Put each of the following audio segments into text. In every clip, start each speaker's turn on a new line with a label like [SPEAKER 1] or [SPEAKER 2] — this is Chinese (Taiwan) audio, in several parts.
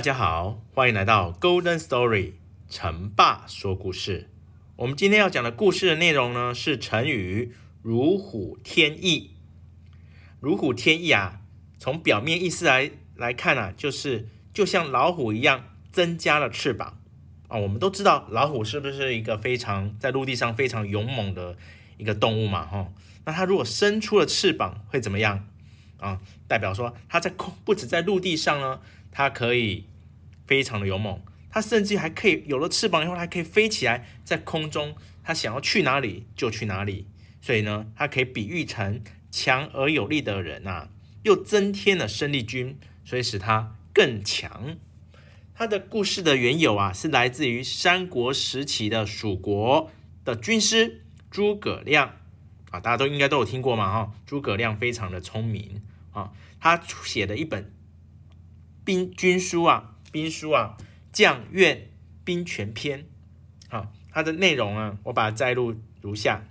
[SPEAKER 1] 大家好，歡迎來到 Golden Story 成霸說故事。我們今天要講的故事的內容呢，是成語“如虎添翼”。如虎添翼啊，從表面意思來來看啊，就是就像老虎一樣增加了翅膀啊、哦。我們都知道老虎是不是一個非常在陸地上非常勇猛的一個動物嘛？哈、哦，那它如果伸出了翅膀，會怎麼樣啊、哦？代表說它在空，不止在陸地上呢，它可以。非常的勇猛，它甚至還可以有了翅膀以後，還可以飛起來，在空中它想要去哪裡就去哪裡，所以呢，它可以比喻成強而有力的人啊，又增添了生力軍，所以使它更強。它的故事的緣由啊，是來自於三國時期的蜀國的軍師諸葛亮啊，大家都應該都有聽過嘛哈、哦。諸葛亮非常的聰明啊，他寫的一本兵軍書啊。兵書啊，將苑兵權篇，啊，它的內容啊，我把它摘錄如下：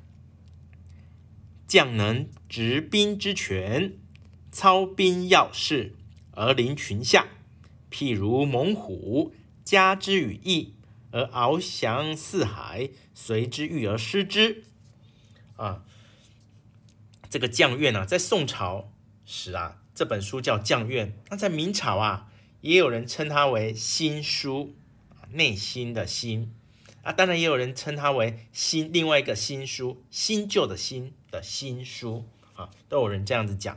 [SPEAKER 1] 將能執兵之權，操兵要事而臨群下，譬如猛虎，加之羽翼而翱翔四海，隨之欲而失之。啊，這個將苑呢，啊，在宋朝時啊，這本書叫將苑，那在明朝啊。也有人稱它為心書啊，內心的「心」啊，當然也有人稱它為新另外一個新書，新舊的「新」的新書啊，都有人這樣子講。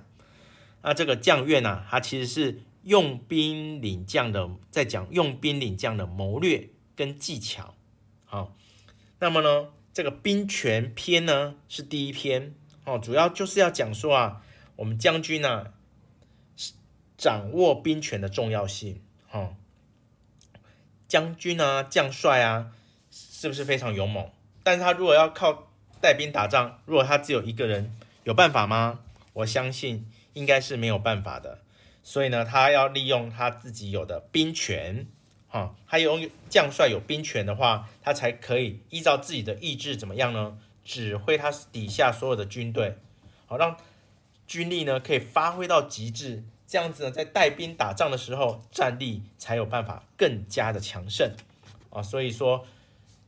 [SPEAKER 1] 那、啊、這個《將苑》呢，它其實是用兵領將的，在講用兵領將的謀略跟技巧。好、啊，那麼呢，這個兵權篇呢是第一篇哦、啊，主要就是要講說啊，我們將軍呢、啊。掌握兵權的重要性，哦，將軍啊，將帥啊，是不是非常勇猛？但是他如果要靠帶兵打仗，如果他只有一個人，有辦法嗎？我相信應該是沒有辦法的。所以呢，他要利用他自己有的兵權，哈，哦，他擁有將帥有兵權的話，他才可以依照自己的意志怎麼樣呢？指揮他底下所有的軍隊，好，哦，讓軍力呢可以發揮到極致。這樣子呢，在帶兵打仗的時候，戰力才有辦法更加的強盛，啊、哦，所以說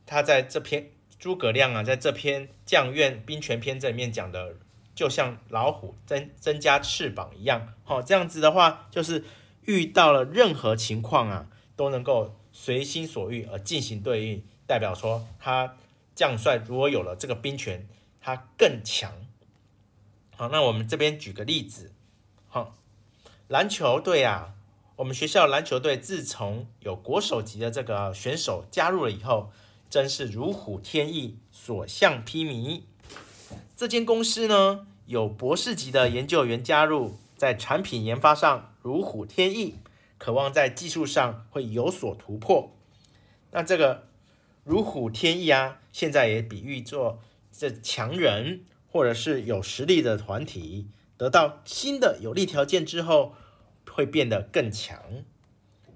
[SPEAKER 1] 他在這篇諸葛亮啊，在這篇將苑兵權篇這裡面講的，就像老虎增增加翅膀一樣，好、哦，這樣子的話，就是遇到了任何情況啊，都能夠隨心所欲而進行對應，代表說他將帥如果有了這個兵權，他更強。好、哦，那我們這邊舉個例子，好、哦。籃球隊啊，我們學校籃球隊自從有國手級的這個選手加入了以後，真是如虎添翼，所向披靡。這間公司呢，有博士級的研究員加入，在產品研發上如虎添翼，渴望在技術上會有所突破。那這個如虎添翼啊，現在也比喻做這強人，或者是有實力的團體。得到新的有利條件之後，會變得更強。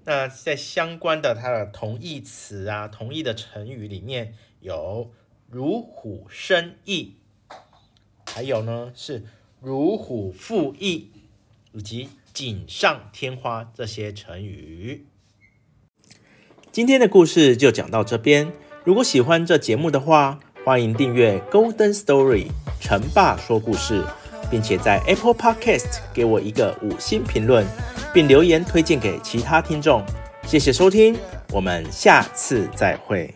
[SPEAKER 1] 那在相關的它的同義詞啊，同義的成語裡面有“如虎生翼”，還有呢是“如虎附翼”，以及“錦上添花”這些成語。今天的故事就講到這邊。如果喜歡這節目的話，歡迎訂閱《Golden Story》城爸說故事。並且在 Apple Podcast 給我一個五星評論，並留言推薦給其他聽眾。謝謝收聽，我們下次再會。